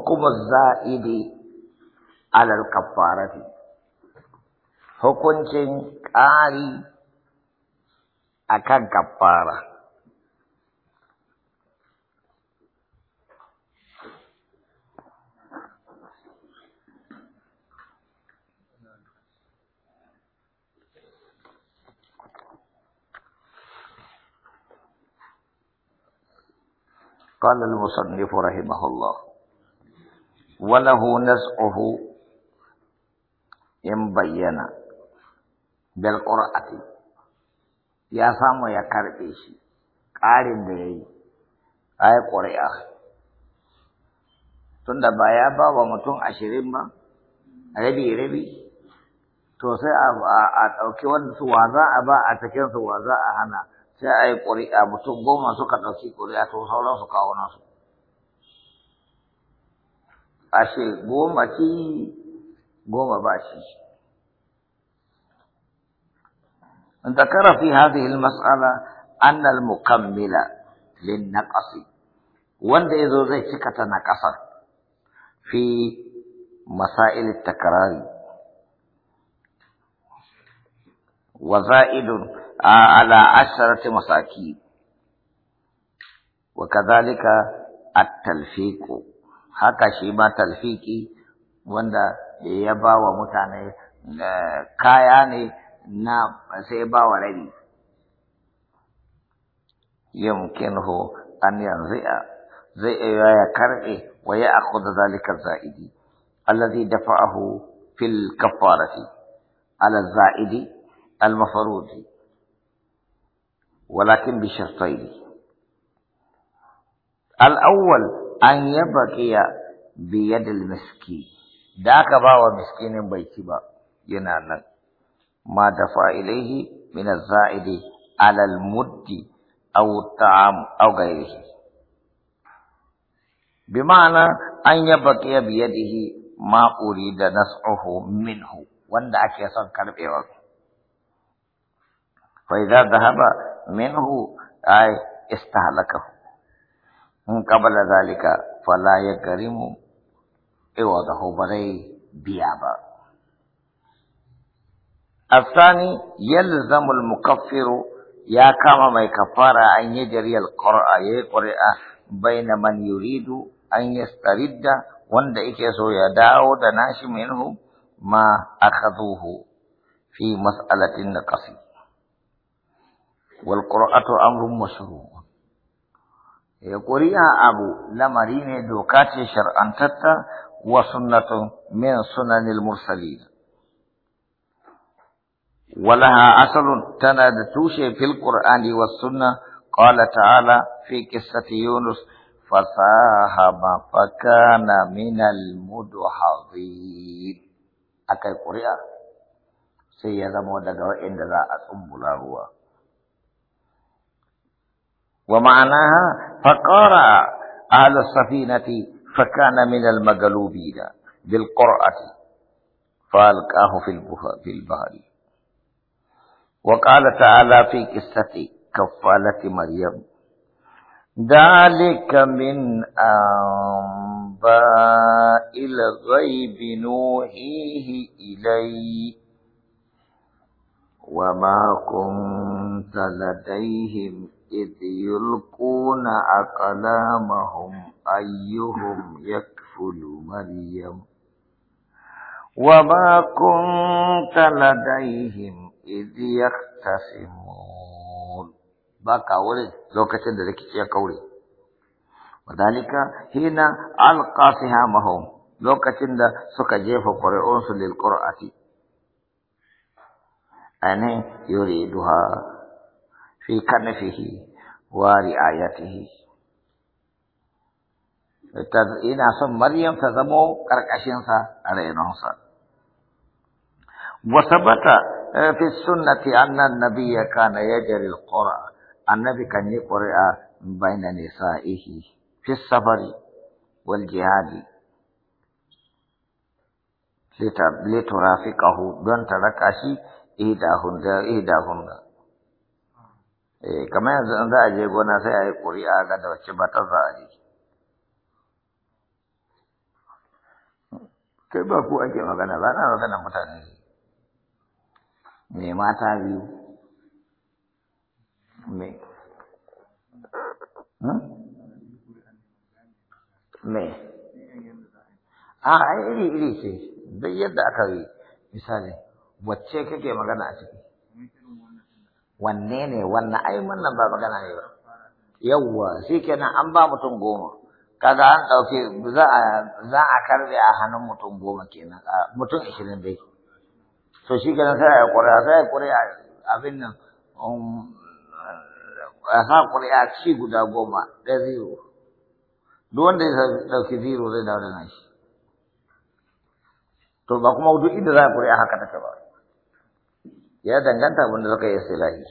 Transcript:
hukumar za'idi alal kafarati hukuncin ƙari akan kan kafara قال المصنف رحمه الله وله نزعه إن بين بالقرأة يا سامو يا كاربيشي قارن دي أي قرئة tunda ba ya ba wa mutum ashirin ba rabi-rabi to sai a ɗauki wanda su wa a ba a cikin su wa a hana sai a yi ƙuri'a mutum goma suka ɗauki ƙuri'a to sauran su kawo nasu ashe goma ci goma ba ذكر في هذه المسألة أن المكمل للنقص وند إذا ذي سكة في مسائل التكرار وزائد على عشرة مساكين وكذلك التلفيق haka shi ma talfiki wanda da ya ba wa mutane kaya ne na sai ba wa rabi yamkinhu an yanzi'a zai iya ya karbe wa ya akhudha zalika zaidi alladhi dafa'ahu fil kafarati ala zaidi al mafrudi ولكن بشرطين الأول an ya baqiya bi miski da aka ba wa miskinin bai ci ba yana nan ma fa'ilaihi fa'ilaihi mina az-za'idi ala muddi aw ta'am aw ghayrihi bima'ana an ya baqiya bi yadihi ma urida nas'uhu minhu wanda ake son karɓewa fa idza haɓa minhu ay istahlakahu قبل ذلك فلا يكرم عوضه بري بيابا الثاني يلزم المكفر يا كما ما كفارة أن يجري القرآن يقرأ بين من يريد أن يسترد وند إكسو يداو دناش منه ما أخذوه في مسألة النقص والقراءة أمر مشروع ƙuri'a abu lamari ne doka ce shar'antatta wa sunnatun min sunanil mursalin ولها أصل تنادتوشي في القرآن والسنة قال تعالى في قصة يونس فساهم فكان من المدحضين أكي قرئة سيدا مودا إن لا أصم لا هو ومعناها فقرا أهل السفينة فكان من المغلوبين بالقرأة فألقاه في البحر وقال تعالى في قصة كفالة مريم ذلك من أنباء الغيب نوحيه إليه وما كنت لديهم إذ يلقون أقلامهم أيهم يكفل مريم وما كنت لديهم إذ يختصمون بقى ولد لو كتن ذلك يا قولي وذلك حين ألقى سهامهم لو كتن سكجيف قرئونس للقرآن أني يريدها في كنفه ورعايته إن أصم مريم تضمو كرك أشينسا عليه وثبت آه، في السنة أن النبي كان يجري القرى النبي كان يقرأ بين نسائه في السفر والجهاد لترافقه دون تركه إيداهن إيداهن eh kamar yanzu an za a je gona sai a yi ƙuri'a ga da wacce ba ta za a yi kai ba ku ake magana ba na magana mutane ne mai mata biyu mai hmm? me a ai iri iri ce duk yadda aka yi misali wacce kake magana a ciki wanne ne wannan ai wannan ba magana ne ba yawwa shi kenan an ba mutum goma kaga an ɗauki za a za a karɓe a hannun mutum goma kenan mutum ishirin dai to shi kenan sai a ƙuri'a sai a ƙuri'a abin nan um, a sa ƙuri'a ci guda goma ɗaya zero duk wanda ya ɗauki zero zai dawo da nashi to ba kuma duk inda za a ƙuri'a haka take ba ya danganta abin da iya yi silahi